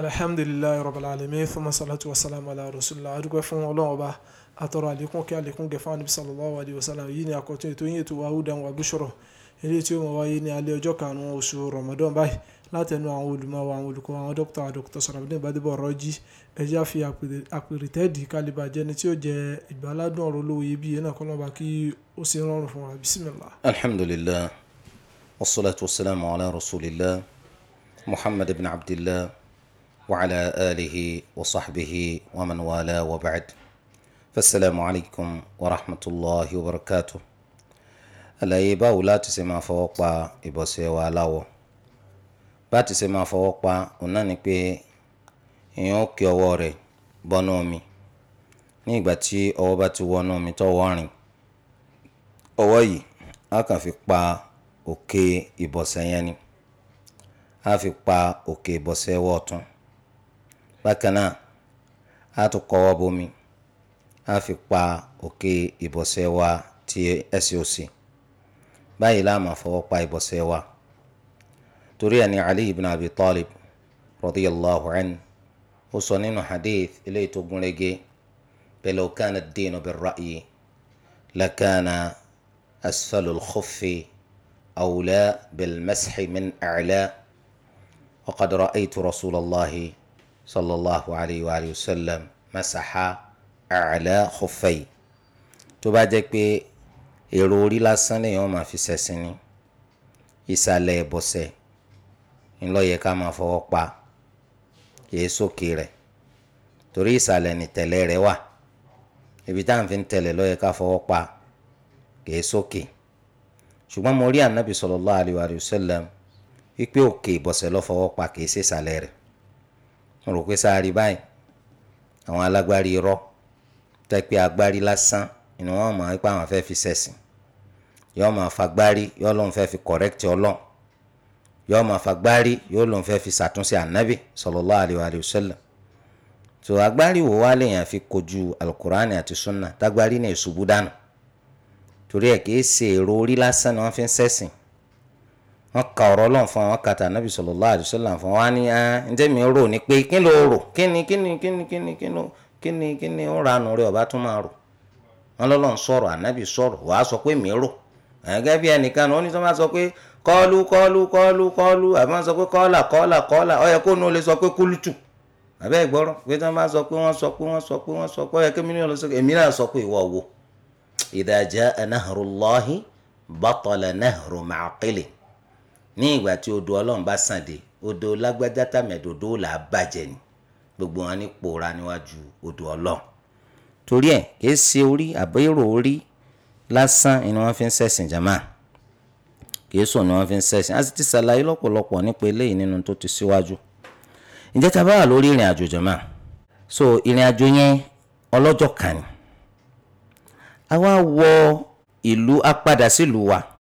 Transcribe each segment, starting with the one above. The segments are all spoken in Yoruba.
alhamdulilayi rabbil alamin fún masalatu wasalamu ala rasulillah adúgbò fún ọlọ́run ọba àtọrọ àlékún kí àlékún gẹ̀fà níbi sallallahu alayhi wa sallam yìí ni àkọ́tún ètò yìí ètò wa hudan wa bushra ilé tí ó mọ̀ wáyé ní alẹ́ ọjọ́ karùn-ún oṣù ramadan báyìí látẹnu àwọn olùmọ̀ àwọn olùkọ́ àwọn dókítà dókítà sọ̀rọ̀mọdé ìbádìbọ̀ ọ̀rọ̀ jí ẹja fi àpèrètẹ́ẹ̀dì kálíbà jẹni tí ó jẹ ìgbàládùn ọ̀rọ̀ olówó iyebíye náà kọ́lọ́ba kí ó ṣe rọrùn fún wa bisimilah. alhamdulilah wasalaatu wasalaamu ala rasulillah muhammad ibn abdillah وعلى آله وصحبه ومن والاه وبعد فالسلام عليكم ورحمة الله وبركاته àlàyé báwo láti ṣe máa fọwọ́ pa ìbọ̀sẹ̀ wa aláwọ̀ bá ti ṣe máa fọwọ́ pa òun náà ni pé èèyàn ó kí ọwọ́ rẹ̀ bọ́nú omi ní ìgbà tí ọwọ́ bá ti wọnú omi tọwọ́ rìn ọwọ́ yìí á kàn fi pa òkè ìbọ̀sẹ̀ yẹn ni á fi pa òkè ìbọ̀sẹ̀ wọ́ ọ̀tún. bákan náà a tún kọ́wọ́ bomi a fi pa òkè ìbọ̀sẹ̀ wa ti soc òsì báyìí la máa fọwọ́ pa ìbọ̀sẹ̀ wa torí ẹni Ali ibn Abi Talib radiyallahu an ó sọ nínú hadith ilé tó gúnrégé pẹ̀lú kana ad-dinu bir-ra'yi lakana asfalu al-khuffi awla bil-mashi min a'la wa qad ra'aytu rasulallah. sallallahu الله عليه sallam وسلم ala أعلى tó bá jẹ́ pé èrò orí lásán في ó máa fi إن ni ìsàlẹ̀ فوق با. ká máa fọwọ́ pa kìí sókè rẹ̀ torí ìsàlẹ̀ nìtẹ̀lẹ̀ rẹ̀ wà ibi tá à ń fi tẹ̀lẹ̀ lọ́yẹ ká fọwọ́ pa kìí sókè ṣùgbọ́n mo rí ànábì sallallahu alayhi wa sallam wípé òkè ìbọ̀sẹ̀ ló fọwọ́ pa kìí ṣe ìsàlẹ̀ mo rò pé sáárì báyìí àwọn alágbárí irọ́ tẹ́ pé agbárí lásán ni wọ́n mọ̀ wípé àwọn fẹ́ fi ṣẹ̀sìn yọ́ọ́ máa fagbárí yọ́ọ́ lóun fẹ́ fi kọ̀rẹ́kìtì ọlọ́run yọ́ọ́ máa fagbárí yóò lóun fẹ́ fi ṣàtúnṣe ànábì sallallahu alaihi wa sallam tó agbárí wò wá lèèyàn fi kojú alukur'ani àti sunna tágbárí ní ìṣubú dànù torí ẹ̀ kìí ṣe èrò orí lásán ni wọ́n fi ń ṣẹ̀sìn wọn ka ọ̀rọ̀ Ọlọ́run fún wọn kàtà nàbì sallallahu alaihi wasallam fún wọn ni ah, ǹjẹ́ mi rò ní pé kí ló rò kí ni kí ni kí ni kí ni kí ni kí ni kí ni ń ranù rẹ ọba tún máa rò wọn lọ́lọ́ ń sọ̀rọ̀ ànábì sọ̀rọ̀ wàá sọ pé mi rò gẹ́gẹ́ bí ẹnìkan wọn ní sọ ma sọ pé kọ́ọ̀lù kọ́ọ̀lù kọ́ọ̀lù kọ́ọ̀lù àbí wọn sọ pé kọ́ọ̀là kọ́ọ̀là kọ́ọ̀là ó yẹ kó nu lè sọ pé kúlùtù àbẹ́ ìgbọ́rọ̀ pé sọ ma sọ pé wọ́n sọ pé wọ́n sọ pé wọ́n sọ pé ó yẹ kí mi lọ sọ èmi náà sọ pé ìwọ wo idha jaa nahrullahi batala nahru ní ìgbà tí odò ọlọ́run bá sàn dé odò lágbájá tàmẹ̀dòdò là á bàjẹ́ ni gbogbo wọn ní pòórá níwájú odò ọlọ́run torí ẹ̀ kìí ṣe orí àbẹ́rò orí lásán ni wọ́n fi ń ṣẹ̀sìn jama kìí sùn ni wọ́n fi ń ṣẹ̀sìn a sì ti ṣàlàyé lọ́pọ̀lọpọ̀ nípa eléyìí nínú tó ti síwájú ǹjẹ́ ta bá wà lórí ìrìn àjò jama so ìrìn àjò yẹn ọlọ́jọ́ kan ni a wá wọ ìlú a sílùú wa. Si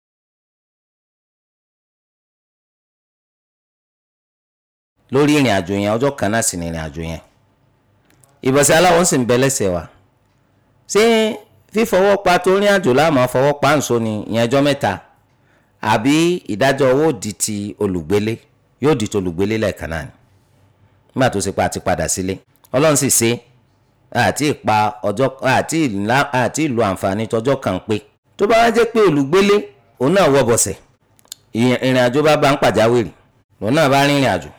lórí ìrìn àjò yẹn ọjọ́ kan náà sì ni ìrìn àjò yẹn ìbọ̀sẹ̀ aláwọ̀ sì ń bẹ lẹ́sẹ̀ wa ṣé fífọwọ́ pa tó rìn àjò láàmú fọwọ́ pa ǹso ni ìyẹn ọjọ́ mẹ́ta àbí ìdájọ́ owó di ti olùgbélé yóò di ti olùgbélé lẹ́ẹ̀kan náà ni nígbà tó ṣe pa àti padà sílé ọlọ́run sì ṣe àti ìpa ọjọ́ àti ìlú àǹfààní tọjọ́ kan pé tó bá wá jẹ́ pé olùgbélé òun náà wọ bọ̀sẹ̀ ìrìn àjò bá bá ń pàjáwìrì òun náà bá rìnrìn àjò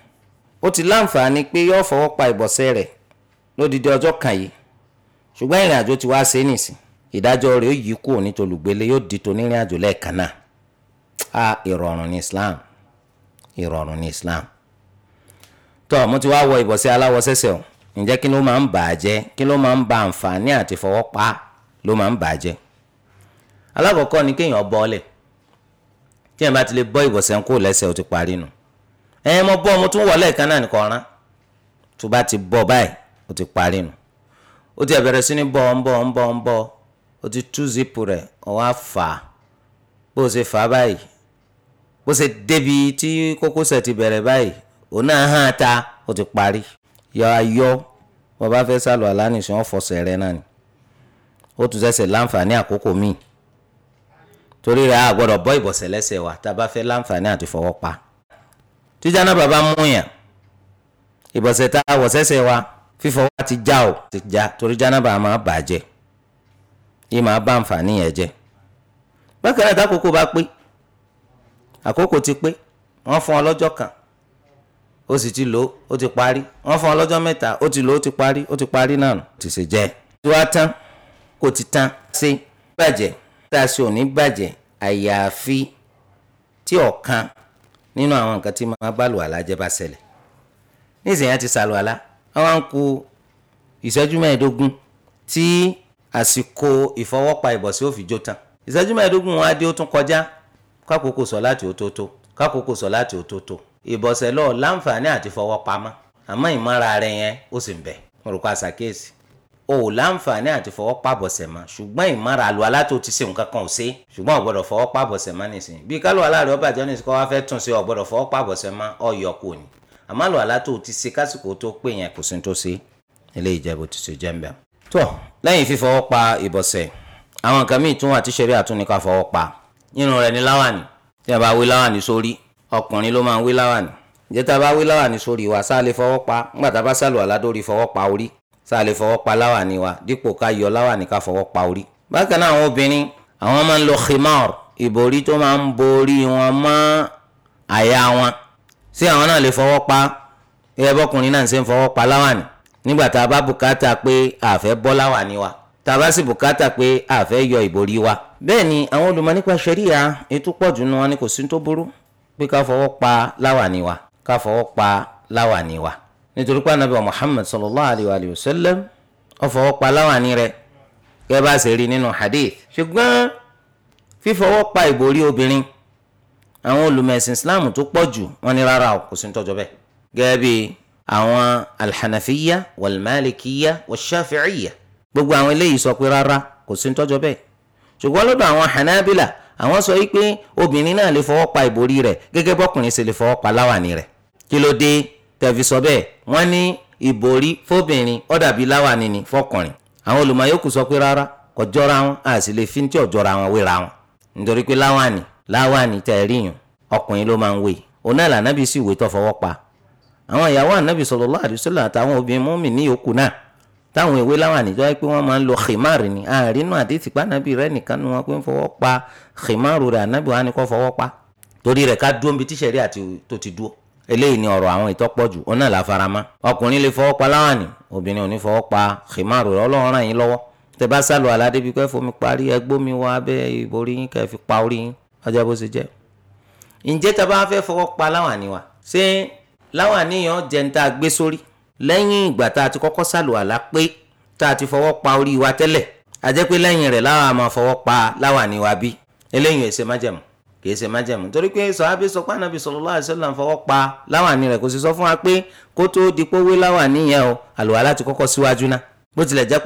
ó ti láǹfààní pé yóò fọwọ́ pa ìbọ̀sẹ̀ rẹ̀ lódìdí ọjọ́ kan yìí ṣùgbọ́n ìrìn àjò ti wá ṣe é ìdájọ́ rẹ̀ yóò yí kúrò ní tolùgbélé yóò di tonírìn àjò lẹ́ẹ̀kan náà a ìrọ̀rùn ní Islam ìrọ̀rùn ní Islam tó mo ti wá wọ ìbọ̀sẹ̀ aláwọ̀ sẹ́sẹ̀ o ǹjẹ́ kí ló máa ń bà á jẹ́ kí ló máa ń pa ló máa ń bà á jẹ́ ni kéèyàn bọ́ọ̀lẹ̀ tí bá ti lè bọ́ ìbọ̀sẹ̀ ti parí ẹ mọ bọ mo tún wọ̀ lẹ́ẹ̀kan náà nìkan rán tó bá ti bọ báyìí ó ti parí nu ó ti bẹ̀rẹ̀ sí ní bọ̀ ń ó ti tú zipu bó ṣe fà báyìí bó ṣe débi tí ti báyìí òun náà hàn ta ó ti parí yọ bá sálọ wọn rẹ náà ni ó tún wa tá a bá pa. jíjáná bàbá mú yàn ìbọ̀sẹ̀ tá a wọ̀ sẹ́sẹ̀ wa fífọ̀ wa ti já o ti já torí jáná bàbá máa bàjẹ́ yìí máa bá àǹfààní yẹn jẹ́ bákan náà tákòókò bá pé àkókò ti pé wọ́n fún ọ lọ́jọ́ kan ó sì ti lò ó ti parí wọ́n fún ọ lọ́jọ́ mẹ́ta ó ti lò ó ti parí ó ti parí náà ti ṣe jẹ́ tí wàá tán kò ti tán ṣe bàjẹ́ tá a ṣe ò ní bàjẹ́ àyàfi tí ọ̀kan nínú àwọn nǹkan tí máa bá lùwàlá jẹ́ bá ṣẹlẹ̀ nísìnyí á ti sàlùwàlá àwọn à ń ku ìṣẹ́jú mẹ́ẹ̀ẹ́dógún tí àsìkò ìfọwọ́pa ìbọ̀sí ò fi jó tán ìṣẹ́jú mẹ́ẹ̀ẹ́dógún wọn á dé ó tún kọjá kákòókò sọ láti òtótó kákòókò sọ láti òtótó ìbọ̀sẹ̀ lọ láǹfààní àti fọwọ́ àmọ́ ìmọ̀ra rẹ̀ yẹn ó sì ń bẹ mo rò pa àṣàkéèsì o ò láǹfààní àti fọwọ́ pàbọ̀sẹ̀ mọ́ ṣùgbọ́n ìmọ̀ra àlọ́ alátó ti ṣe nǹkan kan ò ṣe ṣùgbọ́n ọ̀gbọ́dọ̀ fọwọ́ pàbọ̀sẹ̀ mọ́ nìsín bí kálọ̀ aláàrẹ̀ ọba jọ́nìsì kọ́ wá fẹ́ tún ṣe ọ̀gbọ́dọ̀ fọwọ́ pàbọ̀sẹ̀ mọ́ ọ̀yọ̀ kò ní àmọ́ àlọ́ alátó ti ṣe kásìkò tó pé yẹn kò sí tó ṣe ilé ìjẹ́bù ti ṣe jẹ́ńbẹ̀. tó lẹ́yìn fífọwọ́ pa ìbọ̀sẹ̀ àwọn nǹkan míì tún wà tí ṣẹ̀rí àtúnni ká fọwọ́ sáà lè fọwọ́ pa láwàní wa dípò ká yọ láwàní ká fọwọ́ pa orí. bákan náà àwọn obìnrin àwọn máa ń lo khimar ìborí tó máa ń borí wọn mọ́ àyà wọn sí àwọn náà lè fọwọ́ pa ẹ bọ́kùnrin náà ṣe ń fọwọ́ pa láwàní nígbà tá a bá bùkátà pé àfẹ́ bọ́ láwàní wa tá a bá sì bùkátà pé àfẹ́ yọ ìborí wa. bẹ́ẹ̀ ni àwọn olùmọ̀ nípa ṣẹ́ríà ètò pọ̀jù nu wọn ni kò sí tó burú pé ká fọwọ́ pa láwàní wa ká fọwọ́ pa láwàní wa nítorí pé anabi muhammed sallallahu alayhi wa sallam ó fọwọ́ pa láwàní rẹ̀ gẹ́gẹ́ bá a ṣe rí nínú hadith ṣùgbọ́n fífọwọ́ pa ìbòrí obìnrin àwọn olùmẹ̀sìn islam tó pọ̀ jù wọ́n ní rárá o kò sí ní tọ́jọ́ bẹ́ẹ̀ gẹ́gẹ́ bí àwọn alhanafiya walmalikiya washafi'iya gbogbo àwọn eléyìí sọ pé rárá kò sí ní tọ́jọ́ bẹ́ẹ̀ ṣùgbọ́n lọ́dọ̀ àwọn hanabila àwọn sọ wípé obìnrin náà lè fọwọ́ pa ìbòrí rẹ̀ gẹ́gẹ́ bọ́kùnrin sì lè fọwọ́ pa láwàní rẹ̀ kí ló dé tẹ̀fi sọ bẹ́ẹ̀ wọ́n ní ìbòrí fóbìnrin ó dàbí láwàní ni fọkùnrin àwọn olùmọ̀ yòókù sọ pé rárá kò jọra wọn a sì lè fi ń tí ò jọra wọn wéra wọn nítorí pé láwàní láwàní tẹ̀ rí yùn ọkùnrin ló máa ń wé òun náà lànàbí sì wé tó fọwọ́ pa àwọn ìyàwó ànábì sallallahu alaihi wasallam àtàwọn obìnrin mọ́mì ní yòókù náà táwọn ìwé láwàní tó wáyé pé wọ́n máa ń lo khimari ni àárínú àdéhìí pànàbí rẹ nìkan ni wọ́n pé ń fọwọ́ pa khimaru rẹ ànábì wọn á ní kó fọwọ́ pa torí eléyìí ni ọ̀rọ̀ àwọn ìtọ́pọ̀jù òun náà la farama ọkùnrin lè fọwọ́ pa láwàní obìnrin ò ní fọwọ́ pa khimaru ọlọ́run ràn yín lọ́wọ́ tẹ bá sálọ aládé bí kẹ́ fomi parí ẹgbó mi wá abẹ́ ìborí yín kẹ́ fi pa orí yín ọjọ́ bó ṣe jẹ́. ǹjẹ́ tá fẹ́ fọwọ́ pa láwàní wa ṣé láwàní yẹn jẹ́ ń tá a gbé sórí lẹ́yìn ìgbà tá a ti kọ́kọ́ sálọ àlá pé tá a ti fọwọ́ pa orí wa tẹ́lẹ̀ a jẹ́ pé lẹ́yìn rẹ̀ láwa máa fọwọ́ pa láwàní wa bí eléyìí ẹ̀ ṣe májẹ̀mú kìí ṣe májẹ̀mú torí pé sọ̀hábí sọ pé ànábì sallallahu alaihi wasallam fọwọ́ pa láwàní rẹ̀ kò sì sọ fún wa pé kó tó di pówé láwàní yẹn o àlùwà láti kọ́kọ́ síwájú ná bó tilẹ̀ jẹ́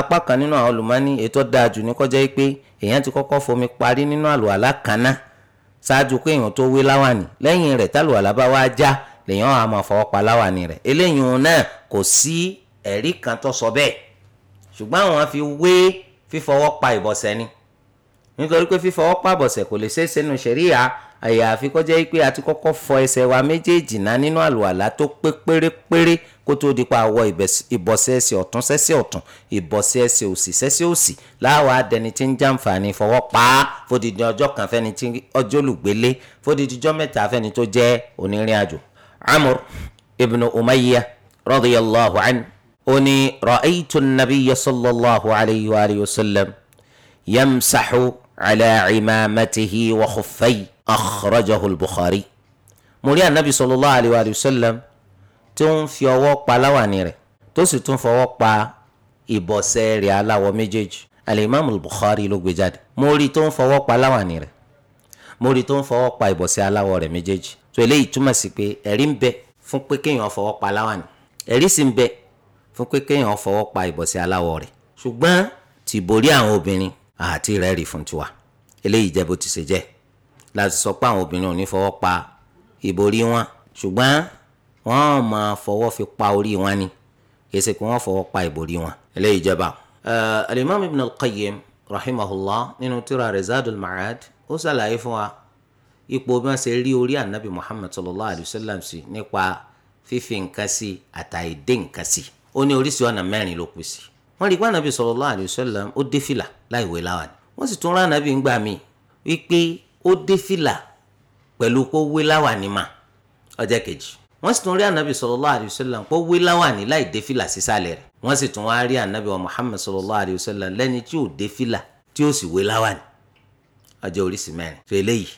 apá kan nínú àwọn olùmọ́ni ètò dáa jù ní kọjá yìí pé èèyàn ti kọ́kọ́ fomi parí nínú àlùwàlá kan ná ṣáájú pé èèyàn tó wé láwàní lẹ́yìn rẹ̀ tálùwàlá bá wá já lèèyàn á máa fọwọ́ pa láwàní rẹ̀ nítorí pé fífọwọ́ pàbọ̀sẹ̀ kò lè ṣeéṣe nu ṣẹ̀ríà àyàfi kó jẹ́ pé a ti kọ́kọ́ fọ ẹsẹ̀ wa méjèèjì ná nínú àlùwàlá tó pé pérépéré kó tó di pa àwọ̀ ìbọ̀sẹ̀ ẹsẹ̀ ọ̀tún sẹ́sẹ̀ ọ̀tún ìbọ̀sẹ̀ ẹsẹ̀ òsì sẹ́sẹ̀ òsì láwa dẹni tí ń jàǹfààní fọwọ́ pa á fódìdí ọjọ́ kan fẹ́ni tí ọjọ́ olùgbélé fódìdí ọjọ́ mẹ́ta fẹ́ni tó jẹ́ onírìn àjò. amur ibn umayya radiyallahu anhu ó ní ra'aytu nabiyya sallallahu alayhi على عمامته وخفي أخرجه البخاري مريا النبي صلى الله عليه وآله وسلم تون في وقت لوانيره توسي تون في وقت ìbọ̀sẹ̀ rẹ̀ aláwọ̀ méjèèjì alimami Bukhari ló gbé jáde mo rí tó ń fọwọ́ pa láwàní rẹ̀ mo rí tó ń fọwọ́ pa ìbọ̀sẹ̀ aláwọ̀ rẹ̀ méjèèjì tó eléyìí túmọ̀ sí pé ẹ̀rí ń bẹ fún pé kéèyàn fọwọ́ pa láwàní ẹ̀rí sì ń bẹ fún pé kéèyàn fọwọ́ pa ìbọ̀sẹ̀ aláwọ̀ rẹ̀ ṣùgbọ́n tìbórí àwọn obìnrin àti rẹ́ẹ̀rì fún tiwa eléyìí jẹ́ bó ti ṣe jẹ́ láti sọ pé àwọn obìnrin ò ní fọwọ́ pa ìborí wọn ṣùgbọ́n wọ́n máa fọwọ́ fi pa orí wọn ni kì í ṣe pé wọ́n fọwọ́ pa ìborí wọn eléyìí jẹ́ bá. alimami ibn al-qayyim rahimahullah nínú tírà rẹ̀ zadul ma'ad ó ṣàlàyé fún wa ipò bí wọ́n ṣe rí orí anabi muhammad sallallahu alayhi wa sallam sí nípa fífi nǹkan sí àtàìdé nǹkan sí ó ní oríṣi ọ̀nà mẹ́rin ló pín wọ́n rí i pé ànábì sallallahu alayhi wa sallam ó dé fìlà láì wé láwàní wọ́n sì tún rán ànábì ń gbà mí wípé ó dé fìlà pẹ̀lú kó wé láwàní mà ọjọ́ kejì wọ́n sì tún rí ànábì sallallahu alayhi wa sallam kó wé láwàní láì dé fìlà sísàlẹ̀ rẹ̀ wọ́n sì tún wá rí ànábì wa Muhammad sallallahu alayhi wa sallam tí ò dé fìlà tí ó sì wé láwàní ọjọ́ oríṣi mẹ́rin tó eléyìí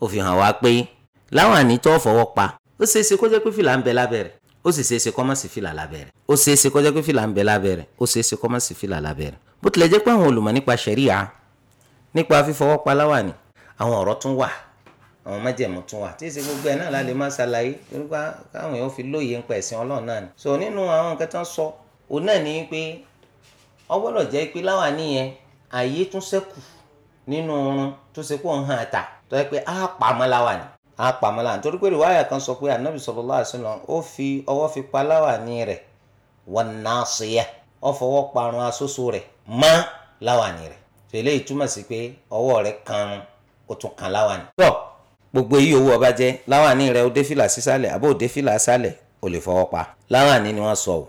ó fi hàn wá pé láwàní tó fọwọ́ pa ó ṣeéṣe kó jẹ́ pé fìlà ń bẹ lábẹ́ rẹ̀ ó sì ṣeéṣe kó má sí fìlà lábẹ́ rẹ̀ ó ṣeéṣe kó jẹ́ pé fìlà ń bẹ lábẹ́ rẹ̀ ó ṣeéṣe kó má sí fìlà lábẹ́ rẹ̀ bó tilẹ̀ jẹ́ pé àwọn olùmọ̀ nípa ṣẹ̀ríà nípa fífọwọ́ pa láwàní àwọn ọ̀rọ̀ tún wà àwọn májẹ̀mú tún wà tí èsì gbogbo ẹ̀ náà la máa ṣàlàyé nípa káwọn èèyàn fi lóye nípa ẹ̀sìn ọlọ́run náà ni so nínú àwọn nǹkan tán sọ òun náà ni pé ọgbọ́dọ̀ jẹ́ pé láwàní yẹn àyè tún ṣẹ́kù nínú oorun tó ṣe pé òun hàn ta tó yẹ pé á pa mọ́ láwàní apàmọ́lá nítorí pé rìwáyà kan sọ pé anabi sallallahu alaihi wasallam ó fi ọwọ́ fi pa láwàní rẹ̀ wan nasiya ó fọwọ́ parun asoso rẹ̀ mọ́ láwàní rẹ̀ tẹ̀lé ìtumọ̀ sí pé ọwọ́ rẹ̀ kan ó tún kan láwàní. tọ́ gbogbo èyí owó ọba jẹ́ láwàní rẹ̀ ó dé fìlà sísàlẹ̀ àbó ó dé fìlà sálẹ̀ ó lè fọwọ́ pa láwàní ni wọ́n sọ ò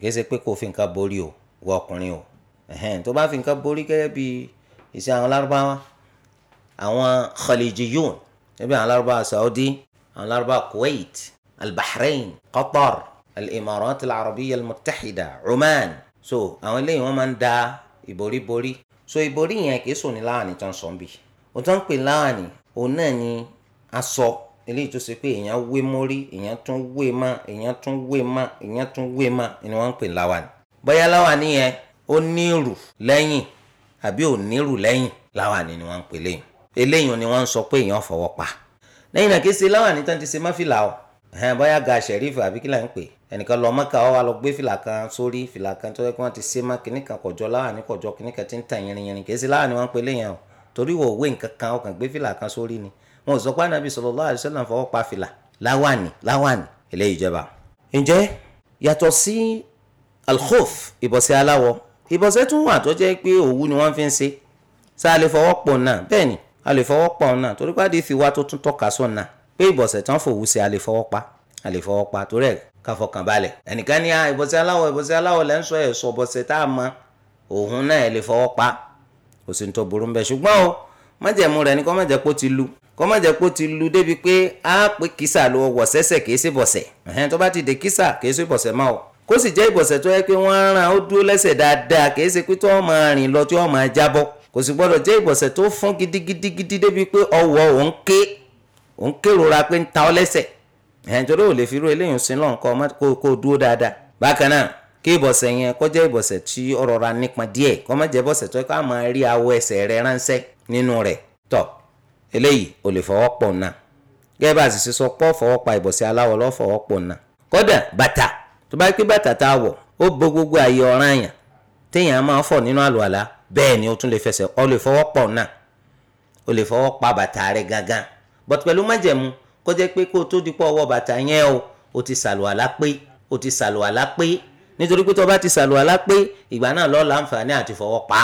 kìí ṣe pé kò fi nǹkan borí o wọ ọkùnrin o tó bá fi nǹkan borí gẹ́gẹ́ bí ìṣe àwọn lárúbáwá àwọn khalijiyun ẹbí àwọn alárúbá saudi àwọn alárúbá kuwait albahrain qatar alimarat alarabiya almutahida oman so àwọn eléyìí wọ́n máa ń da ìborí borí so ìborí yẹn kì í sùn ní láwàní tó ń sọ bí o tó ń pè láwàní òun náà ni aṣọ eléyìí tó ṣe pé èèyàn wé mórí èèyàn tún wé má èèyàn tún wé má èèyàn tún wé má ni wọ́n ń pè láwàní bóyá láwàní yẹn ó ní ìrù lẹ́yìn àbí ò ní ìrù lẹ́yìn láwàní ni wọ́n ń pè lẹ́yìn eléyìí ni wọ́n ń sọ pé èèyàn fọwọ́ pa lẹ́yìn náà kìí ṣe láwàní tán ti ṣe máfìlà o ẹ̀hìn bóyá ga sẹ̀rífù àbí kí là ń pè ẹnìkan lọ mọ́ka ọ wa lọ gbé fìlà kan sórí fìlà kan tó yẹ kí wọ́n ti ṣe má kíní kan kọjọ láwàní kọjọ kíní kan ti ń tàn yìnrìn yìnrìn kìí ṣe láwàní wọ́n ń pè léyìn o torí wò wé nǹkan kan ọkàn gbé fìlà kan sórí ni wọn ò sọ pé ànábì sallallahu alaihi wasallam fọwọ́ pa fìlà láwàní láwàní eléyìí jẹba. ǹjẹ́ yàtọ̀ sáà lè fọwọ́ pọ̀ náà bẹ́ẹ̀ ni a lè fọwọ́ pa òun náà torí pàdé fi wá tó tún tọ́ka sọ̀nà pé ìbọ̀sẹ̀ tán fòwú sí a lè fọwọ́ pa a lè fọwọ́ pa torí ẹ̀ ká fọkàn balẹ̀ ẹnìkan ní ìbọ̀sẹ̀ aláwọ̀ ìbọ̀sẹ̀ aláwọ̀ lẹ́ ń sọ ẹ̀sọ́ ìbọ̀sẹ̀ tá a mọ òun náà ẹ̀ lè fọwọ́ pa kò sì ń tó burú ń ṣùgbọ́n o májẹ̀mú rẹ̀ ni kọ́ májẹ̀ pé ó ti lu kọ́ májẹ̀ pé ó a pé kìsà ló wọ̀ sẹ́sẹ̀ kìí sí bọ̀sẹ̀ ẹ̀hẹ́n tó bá ti dé kìsà kìí sí bọ̀sẹ̀ máa o kó sì jẹ́ ìbọ̀sẹ̀ tó yẹ pé wọ́n rán ó dúró lẹ́sẹ̀ dáadáa kìí ṣe pé tó máa rìn lọ tí ó máa jábọ́ kò sì gbọ́dọ̀ jẹ́ ìbọ̀sẹ̀ tó fún gidigidigidi débi pé ọwọ́ òun ké òun kérora pé ń ta ọ lẹ́sẹ̀ ẹ̀hìn torí ò lè fi irú eléyìí sin lọ́n kọ́ kó kó dúró dáadáa bákan náà kí ìbọ̀sẹ̀ yẹn kó jẹ́ ìbọ̀sẹ̀ tí ó rọra nípọn díẹ̀ kó má jẹ́ bọ̀sẹ̀ tó ká máa rí awọ ẹsẹ̀ rẹ ránṣẹ́ nínú rẹ̀ tọ̀ eléyìí ò lè fọwọ́ pọ̀ náà gẹ́gẹ́ bá a sì ṣe sọ pọ́ fọwọ́ pa ìbọ̀sẹ̀ aláwọ̀ lọ́ fọwọ́ pọ̀ náà kódà bàtà tó bá pé bàtà tá a wọ̀ ó bo gbogbo àyè ọ̀ràn àyàn téèyàn máa fọ̀ nínú àlùalá bẹ́ẹ̀ ni o tún lè fẹsẹ̀ ọ lè fọwọ́ pọ̀ náà o lè fọwọ́ pa bàtà rẹ gangan but pẹ̀lú májẹ̀mú kó jẹ́ pé kó o tó di pọ̀ ọwọ́ bàtà yẹn o o ti sàlùwàlá pé o ti sàlùwàlá pé nítorí pé tó o bá ti sàlùwàlá pé ìgbà náà lọ́ọ́ láǹfààní àti fọwọ́ pa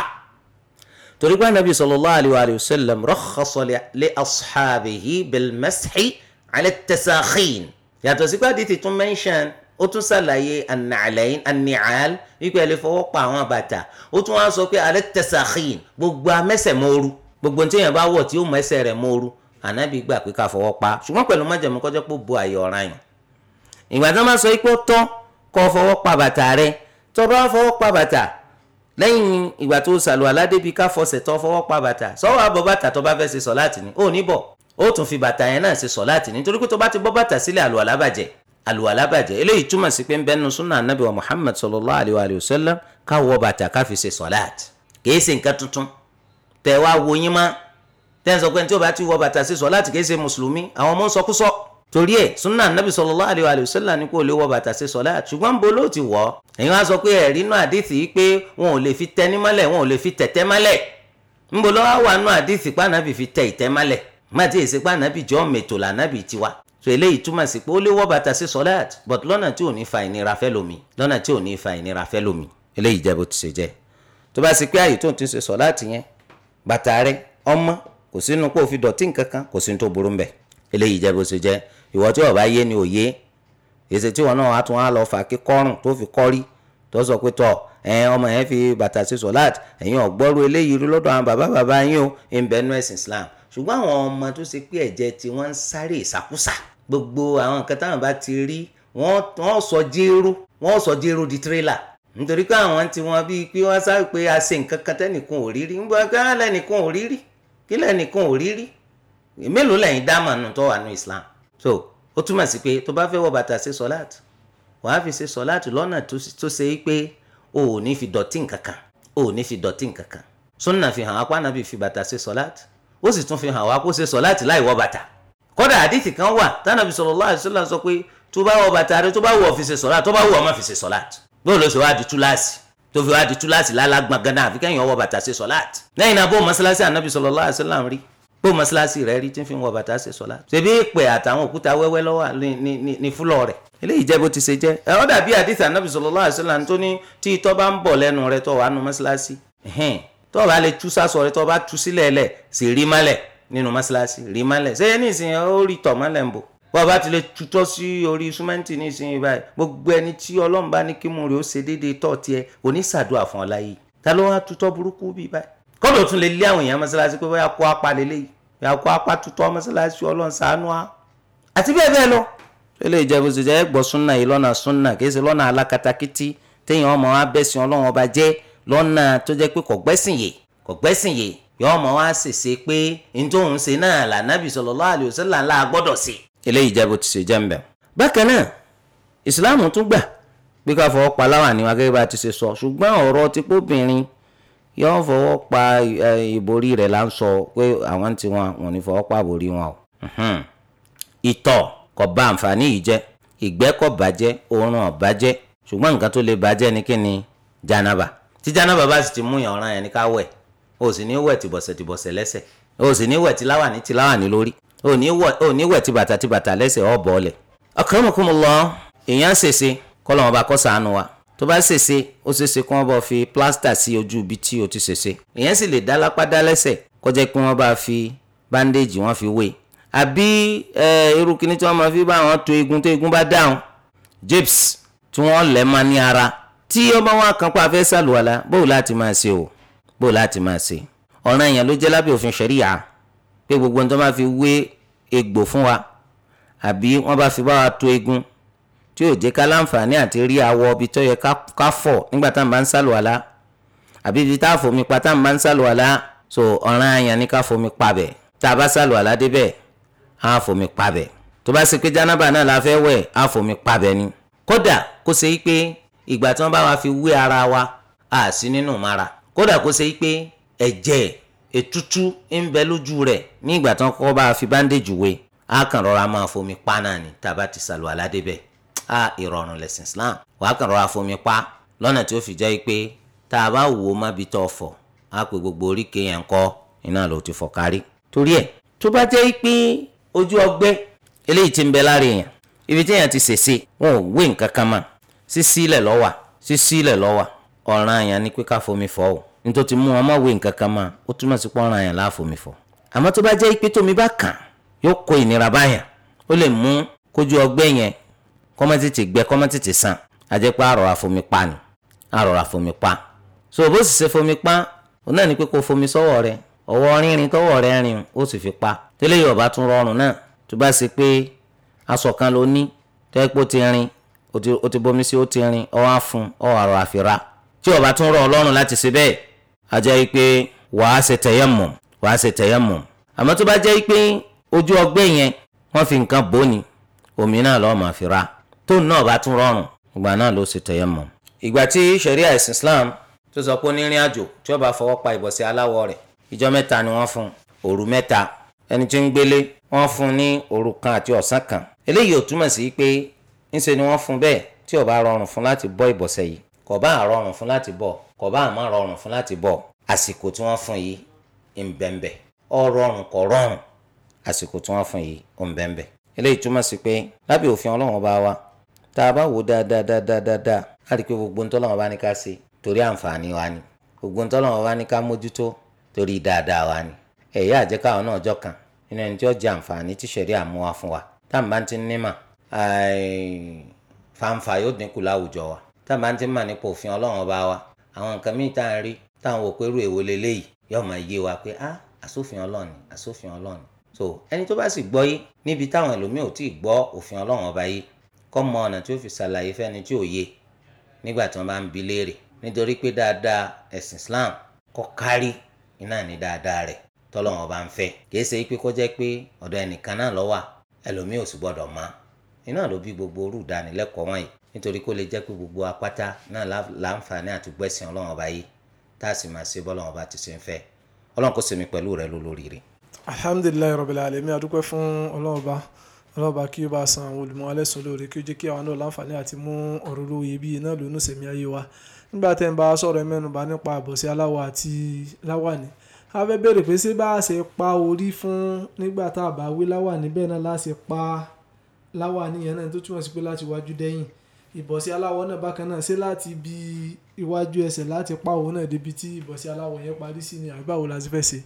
torí pé anabi sallallahu alayhi wa sallam rakhasa li ashabihi bil mashi ala tasakhin yàtọ̀ sí ó tún ṣàlàyé an-na'alayn an-ni'al wípé ẹ lè fọwọ́ pa àwọn bàtà ó tún wá sọ pé alẹ́ tẹ̀sàkìn gbogbo amẹ́sẹ̀ mọ́ọ́rú gbogbo ní téèyàn bá wọ̀ tí ó mọ ẹsẹ̀ rẹ̀ mọ́ọ́rú ànábì gbà pé ká fọwọ́ pa ṣùgbọ́n pẹ̀lú májèmú kọjá pé ó bo àyè ọ̀ràn yìí ìgbà tó máa sọ pé ó tọ́ kó fọwọ́ pa bàtà rẹ tó bá fọwọ́ pa bàtà lẹ́yìn ìgbà tó sàlù aládébí ká fọsẹ̀ tó fọwọ́ pa bàtà sọ́wọ́ àbọ̀ bàtà tó bá fẹ́ ṣe sọ láti ní ó ní bọ̀ ó tún fi bàtà yẹn náà ṣe sọ láti ní torí pé tó bá ti bọ́ bàtà sílẹ̀ àlùwàlá bàjẹ́ àlùwàlá bàjẹ́ eléyìí túmọ̀ sí pé ń bẹ́nu súnà anábì wa muhammad sallallahu alayhi wa sallam káwọ bàtà káfi ṣe sọ̀láàtì kìí ṣe nǹkan tuntun tẹ̀ wá wo yín mọ́ tẹ́ǹsọ pé tí o bá ti wọ bàtà ṣe sọ̀láàtì kìí ṣe mùsùlùmí àwọn ọmọ ń sọkúsọ torí ẹ̀ súnà anábì sallallahu alayhi wa sallam ni kò lè wọ bàtà ṣe sọ̀láàtì ṣùgbọ́n bo ló ti wọ̀ ẹ̀yin wá sọ pé ẹ̀rí náà àdìsí pé wọn ò lè fi tẹní mọ́lẹ̀ wọn ò so eléyìí túmọ̀ sí pé ó lè wọ́ bàtà sí sọ́láàt but lọ́nà tí ò ní fa ìnira fẹ́ lomi lọ́nà tí ò ní fa ìnira fẹ́ lomi eléyìí jẹ́ bó ti ṣe jẹ́ tó bá sì pé àyè tó ń ti ṣe sọ́láàt yẹn bàtà rẹ ọmọ kò sínú kó o fi dọ̀tí nǹkankan kò sínú tó burú mbẹ̀ eléyìí jẹ́ bó ti ṣe jẹ́ ìwọ tí ọba yé ni òye èsì tí wọn náà wá tún wá lọ fà kí kọ́rùn tó fi kọ́rí tó sọ pé tọ́ ẹ̀yin ọmọ yẹn fi bàtà ṣe sọ̀láàt ẹ̀yin ọ̀gbọ́rú eléyìí rí lọ́dọ̀ àwọn bàbá bàbá yín o ń bẹ nú ẹ̀sìn Islam ṣùgbọ́n àwọn ọmọ tó ṣe pé ẹ̀jẹ̀ tí wọ́n ń sáré ìsàkúsà gbogbo àwọn nǹkan táwọn bá ti rí wọ́n sọ jéró wọ́n sọ jéró di tírélà nítorí pé àwọn tí wọ́n bíi pé wọ́n sáré pé a ṣe nǹkan kan tẹ́nìkan ò rírí nígbà pé á lẹ́nìkan ò rírí kí lẹ́nìkan ò rírí mélòó lẹ́yìn dáàmà tó wà nù Islam so ó túmọ̀ sí pé tó bá fẹ́ wọ bàtà ṣe sọ́láàtì wàá fi ṣe sọ́láàtì lọ́nà tó ṣe é pé o ò ní fi dọ̀tí nkankan o ò ní fi dọ̀tí nkankan sunna fi hàn wá pé anabi fi bàtà ṣe sọláàtì ó sì tún fi hàn wá pé ó ṣe sọláàtì láì wọ bàtà kódà àdìtì kan wà tánàbí sallallahu alaihi wasallam sọ pé tó bá wọ bàtà rẹ tó bá wù ọ́ fi ṣe sọláàtì tó bá wù ọ́ má fi ṣe sọláàtì bóòlù ó ṣe wá di túláàsì tó fi wá di túláàsì lálágbọ̀n ganan àfi kẹ́yìn ọwọ́ bàtà ṣe sọláàtì lẹ́yìn náà bó mọ́ṣáláṣí ànábì sallallahu alaihi bó mọ́ṣáláṣí rẹ̀ rí tí ń fi wọ bàtà ṣe sọ́lá ṣebí ìpè àtàwọn òkúta wẹ́wẹ́ lọ́wọ́ ní fúlọ̀ rẹ̀ eléyìí jẹ́ bó ti ṣe jẹ́ ó dàbí àdìsí anábì sallallahu alaihi wasallam tó ní tí itọ́ bá ń bọ̀ lẹ́nu rẹ̀ tó wà nù mọ́ṣáláṣí tó bá lè tú sásọ rẹ̀ tó bá tú sílẹ̀ lẹ̀ sì rí mọ́lẹ̀ nínú mọ́ṣáláṣí rí mọ́lẹ̀ ṣé nísìnyí ó rí tọ̀ mọ́lẹ̀ ń bò bọ́ bá ti lè tutọ́ sí orí súnmẹ́ǹtì nísìnyí báyìí gbogbo ẹni tí Ọlọ́run bá ní kí mú rè ó ṣe déédéé tọ̀ tiẹ̀ oníṣàdúrà fún ọ ta ló wá tutọ́ burúkú bíi báyìí kọ́dọ̀ tún lè lé àwọn èèyàn mọ́sálásí pé bóyá kó apá lélẹ́yìí bóyá kó apá tutọ́ mọ́sálásí ọlọ́run ṣàánú wa àti bẹ́ẹ̀ bẹ́ẹ̀ lọ. lélẹ̀ ìjẹ́bù ṣèjẹ́ ẹ gbọ́ súnà yìí lọ́nà súnà kì í ṣe lọ́nà alákatakítí téèyàn ọmọ wa bẹ́sìn ọlọ́run ọba jẹ́ lọ́nà tó jẹ́ pé kò gbẹ́sìn kò gbẹ́sìn yọ ọmọ wa pé ṣe la ṣe. eléyìí ṣe náà yóò fọwọ́ pa ìborí rẹ̀ là ń sọ pé àwọn tí wọn wọn ní fọwọ́ pa ìborí wọn o. ìtọ̀ kò bà àǹfààní yìí jẹ́ ìgbẹ́ kò bàjẹ́ oorun ò bàjẹ́ ṣùgbọ́n nǹkan tó lè bàjẹ́ ni kí ni janaba tí janaba bá sì ti mú yàn ọ̀ràn yẹn ní ká wẹ̀ o sì ní wẹ̀ tìbọ̀sẹ̀ tìbọ̀sẹ̀ lẹ́sẹ̀ o sì ní wẹ̀ tìláwàní tìláwàní lórí o ní wẹ̀ tìbàtà tìbàtà lẹ́sẹ̀ ọ̀ bọ̀ọ̀lẹ̀. akramakumullah èèyàn ṣèṣe kọ́ lọ́wọ́ bá kọ́ sànù wa tó bá ṣèṣe ó ṣeéṣe kí wọ́n bá fi plaster sí ojú ibi tí o ti ṣèṣe èèyàn sì lè dá lápá dá lẹ́sẹ̀ kó jẹ́ pé wọ́n bá fi bandage wọ́n fi wé àbí irú kíní tí wọ́n máa fi bá wọn to eegun tó eegun bá dáhùn japes tí wọ́n lẹ̀ máa ní ara tí ọba wọn kan pa afẹ́ sàlùwàlà bóò láti máa ṣe o bóò láti máa ṣe ọ̀ràn èèyàn ló jẹ́ lábẹ́ òfin ṣẹ̀ríyà pé gbogbo ohun tó máa fi wé egbò fún wa àbí wọ́n bá fi bá wa to eegun tí yóò jẹ́ ká láǹfààní àti rí awọ ibi tó yẹ ká fọ̀ nígbà tá à ń bá ń sàlùwàlá àbí ibi tá a fomi pa tá à ń bá ń sàlùwàlá so ọ̀ràn àyàn ni ká fomi pa bẹ̀ tá a bá sàlùwàlá débẹ̀ á fomi pa bẹ̀ tó bá ṣe pé jánábà náà la fẹ́ wẹ̀ á fomi pa bẹ̀ ni kódà kó ṣe pé ìgbà tí wọ́n bá wa fi wé ara wa à sí nínú mara kódà kó ṣe pé ẹ̀jẹ̀ ètútú ń bẹ lójú rẹ̀ ní ìgbà tí wọ́n kọ́ bá fi báńdéèjì wé á kàn rọra máa fomi pa náà ni tá a bá ti sàlùwàlá débẹ̀ a ìrọ̀rùn lẹ̀sìn Islam wàá kàn rọra fomi pa lọ́nà tí ó fi jẹ́ pé tá a bá wò má bi tó fọ̀ á pé gbogbo oríkèé yẹn kọ́ iná ló ti fọ̀ kárí. torí tó bá jẹ́ pé ojú ọgbẹ́ ibi tí èèyàn ti ṣèṣe wọn ò wé nǹkan kan sísí ilẹ̀ lọ́wà sísí ilẹ̀ lọ́wà ọ̀ràn àyàn ni pé ká fomi o nítorí ti mú wọn má wé nǹkan kan ó túmọ̀ sí pé ọ̀ràn àyàn láà fomi àmọ́ tó bá jẹ́ pé kọ́mọ́ tètè gbẹ kọ́mọ́ tètè sàn àjẹpẹ́ àrọ̀rà fomi pa ni àrọ̀rà fomi pa so bó sì ṣe fomi pa òun náà ni pé kó fomi sọ́wọ́ rẹ ọwọ́ rínrin tọ́wọ́ rẹ rin ó sì fi pa tẹ́lẹ̀ yóò bá tún rọrùn náà tó bá ṣe pé aṣọ kan ló ní tẹ́ pé ó ti rin ó ti bomi sí ó ti rin ọwọ́ àfun ọwọ́ àrọ̀ àfira tí ó bá tún rọ̀ ọlọ́run láti ṣe bẹ́ẹ̀ ajá yìí pé wàá ṣe tayammum wàá ṣe tayammum àmọ́ tó bá jẹ́ pé ojú ọgbẹ́ yẹn wọ́n fi nǹkan bò ní omi náà lọ́ọ́ máa fi ra tóun náà bá tún rọrùn ìgbà náà ló ṣe tayammum. ìgbà tí sharia ẹ̀sìn islam tó sọ pé onírìn àjò tí ó bá fọwọ́ pa ìbọ̀sẹ̀ aláwọ̀ rẹ̀ ìjọ mẹ́ta ni wọ́n fún òru mẹ́ta ẹni tí ń gbélé wọ́n fún ní òru kan àti ọ̀sán kan eléyìí ò túmọ̀ sí pé ńṣe ni wọ́n fún bẹ́ẹ̀ tí ó bá rọrùn fún láti bọ́ ìbọ̀sẹ̀ yìí kò bá rọrùn fún láti bọ́ kò bá má rọrùn fún láti bọ́ àsìkò tí wọ́n fún yìí ń bẹ̀ǹbẹ̀ ó rọrùn kò rọrùn àsìkò tí wọ́n fún yìí ń bẹ̀ǹbẹ̀ eléyìí túmọ̀ sí pé lábẹ́ òfin ọlọ́run bá wa tá a bá wò dáadáa dáadáa dáadáa á rí i pé gbogbo ń tọ́lọ́wọ́n bá ní ká ṣe torí àǹfààní wa ni gbogbo ń tọ́lọ́wọ́n bá ní ká mójútó torí dáadáa wa ni ẹ̀yà àjẹkáwọn náà jọ kan nínú ẹni tí ó jẹ àǹfààní tí sẹ̀rí àmúwa fún wa tá à ń bá ti ní mà fanfa yóò dínkù láwùjọ wa tá à ń bá ti mà nípa òfin ọlọ́run bá wa àwọn nǹkan míì tá à rí tá à ń wò pé irú èwo leléyìí yóò máa yé wa pé ah asófin ọlọ́run asófin ọlọ́run so ẹni tó bá sì gbọ́ yé níbi táwọn ẹlòmíì ò tí ì gbọ́ òfin ọlọ́run ọba yìí kọ́ mọ ọ̀nà tí ó fi ṣàlàyé fẹ́ni tí ò yé nígbà tí wọ́n bá ń bi léèrè nítorí pé dáadáa ẹ̀sìn Islam kọ́ kárí iná ní dáadáa rẹ̀ tọ́lọ́wọ́n bá ń fẹ́ kìí ṣe pé kó jẹ́ pé ọ̀dọ̀ ẹnìkan náà ló wà ẹlòmíì ò sì gbọ́dọ̀ má iná ló bí gbogbo orú ìdánilẹ́kọ̀ọ́ wọ̀nyí nítorí kó lè jẹ́ pé gbogbo apáta náà láǹfààní àti gbẹ̀sìn ọlọ́wọ́n bá yìí tá a sì máa ṣe bọ́lọ́wọ́n bá ti ṣe ń fẹ́ ọlọ́run kó ṣe pẹ̀lú rẹ̀ lólórí rẹ̀. alhamdulilayi rabbil alamin adúpẹ́ fún ọlọ́run bá ọlọ́ba kí ó bá san olùmọ̀ alẹ́sùn lóore kí ó jẹ́ kí àwọn náà láǹfààní àti mú ọ̀rọ̀ olówó iyebíye náà lónú sẹ̀mí ayé wa nígbà tẹ́ ń bá sọ̀rọ̀ mẹ́nuba nípa àbọ̀sí aláwọ̀ àti láwàní a fẹ́ bẹ̀rẹ̀ pé ṣé bá a ṣe pa orí fún nígbà tá a bá wé láwàní bẹ́ẹ̀ náà láṣẹ pa láwàní yẹn náà tó túmọ̀ sí pé láti wájú dẹ́yìn ìbọ̀sí aláwọ̀ náà bákan náà ṣé láti bi iwájú ẹsẹ̀ láti pa òun náà débi tí ìbọ̀sí aláwọ̀ yẹn parí sí ni àbí báwo la ti fẹ́ ṣe.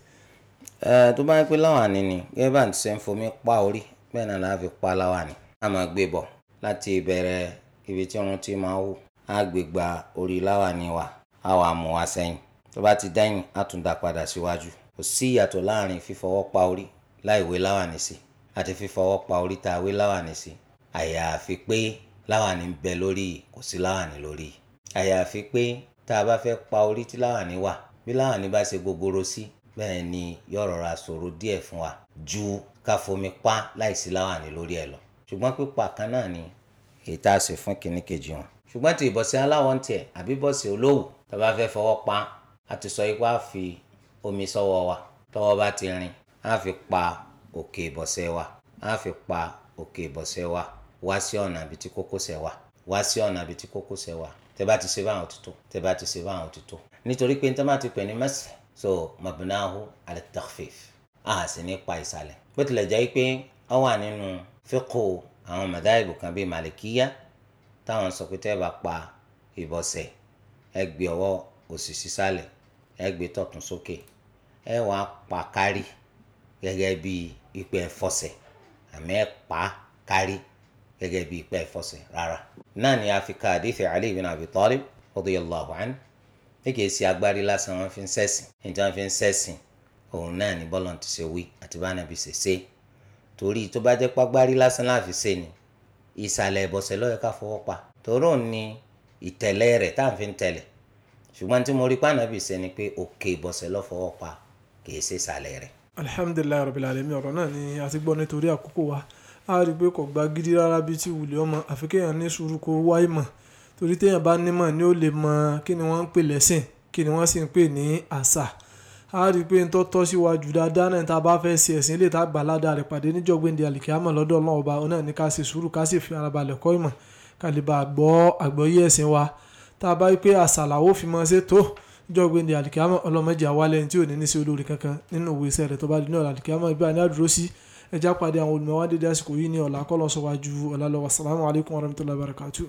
ẹ tó bá yẹ pé láwàní ni gẹ́gẹ́ bá ń ṣe ń fomi pa orí bẹ́ẹ̀ náà láàfi pálá wà ní. a máa gbé bọ̀ láti ìbẹ̀rẹ̀ ibi tí irun ti máa wù á gbé gba orí láwàní wa á wà mú wa sẹ́yìn tó bá ti dẹ́yìn á tún dá padà síwájú kò sí ìyàtọ̀ láàrin fífọwọ́ pa orí láì wé láwàní sí àti fífọwọ́ pa orí tá a wé láwàní sí àyàfi pé láwàní ń bẹ lórí kò sí láwàní lórí àyàfi pé tá a bá fẹ́ pa orí tí láwàní wà bí láwàní bá ṣe gogoro sí bẹ́ẹ̀ ni yóò rọra ṣòro díẹ̀ fún wa ju ká fomi pa láìsí láwàní lórí ẹ̀ lọ ṣùgbọ́n pípa kan náà ni ètò àṣẹ fún kìíní kejì wọn. ṣùgbọ́n ti ìbọ̀sẹ̀ aláwọ̀ ń tẹ̀ àbí bọ́sẹ̀ olówù tó bá fẹ́ fọwọ́ pa á ti sọ ipá fi omi sọ́wọ́ wa tọ́wọ́ bá ti rin á fi pa òkè ìbọ̀sẹ̀ wa á fi pa òkè ìbọ̀sẹ̀ wa wá sí ọ̀nà àbí tí kókósẹ̀ wa wá sí ọ̀nà àbí tí kókósẹ̀ wa tẹ bá ti ṣe báwọn òtútù tẹ bá ti ṣe báwọn òtútù nítorí pé ní tọ́ bá ti pè ní mẹ́sì so mabnahu al-takhfif a sì ní pa ìsàlẹ̀ bó tilẹ̀ jẹ́ pé ó wà nínú fíkò àwọn mọ̀dáìbò kan bíi màlìkíyà táwọn sọ pé tẹ́ bá pa ìbọ̀sẹ̀ ẹ gbé ọwọ́ òsì sísàlẹ̀ ẹ gbé tọ̀tún sókè ẹ wà pa kárí gẹ́gẹ́ bíi ìpè ẹ̀fọ́sẹ̀ àmì ẹ̀ pa kárí gẹ́gẹ́ bíi ìpè ẹ̀fọ́sẹ̀ rárá. náà ni a fi ka àdéhìí Ali ibn Abi Talib radiyallahu anhu ní kìí ṣe agbárí lásán wọn fi ń sẹ́sìn níta fi ń sẹ́sìn òun náà ní bọ́lọ̀ ti ṣe wí àti bánàbí ṣe ṣe torí tó bá jẹ́ pàgbárí lásán láàfin ṣe ni ìsàlẹ̀ ìbọ̀sẹ̀ lọ́yẹ̀ ká fọwọ́ pa torí òun ni ìtẹ̀lẹ̀ rẹ̀ tá à ń fi ń tẹ̀lẹ̀ ṣùgbọ́n tí mo rí pànàbí ṣe ni pé òkè ìbọ̀sẹ̀ lọ́ fọwọ́ pa kì í ṣe ìsàlẹ̀ rẹ̀. alihamudulilayi rabil alamin ọ̀rọ̀ náà ni a ti gbọ́ nítorí àkókò wa a rí i pé kò gba gidi rárá bíi ti wùlé ọmọ àfi kéèyàn ní sùúrù kó wáyé mọ̀ torí téèyàn bá nímọ̀ ni ó lè mọ kí ni wọ́n ń pè lẹ́sìn kí ni wọ́n sì ń pè ní àṣà a rí i pé nítorí tọ́ síwájú dáadáa náà tá a bá fẹ́ ṣe ẹ̀sìn ilé tá a gbà ládàá rẹ̀ pàdé níjọ́gbìndì àlìkíyàmọ̀ lọ́dọ̀ ọlọ́run ọba òun ní ká ṣe sùúrù ká sì fi ara balẹ̀ kọ́ ìmọ̀ ká lè bá gbọ́ àgbọ́yé ẹ̀sìn wa tá a bá rí i pé àṣàlà ó fi mọ́ ṣe tó níjọ́gbìndì àlìkíyàmọ̀ ọlọ́mọdé àwálẹ̀ tí ò ní ní sí olórí kankan nínú òwe iṣẹ́ rẹ̀ tó bá di ní ọ̀la àlìkíyàmọ̀ ibà ní àdúró sí ẹjá pàdé àwọn olùmọ̀wádìí dásìkò yìí ní ọ̀la kọ́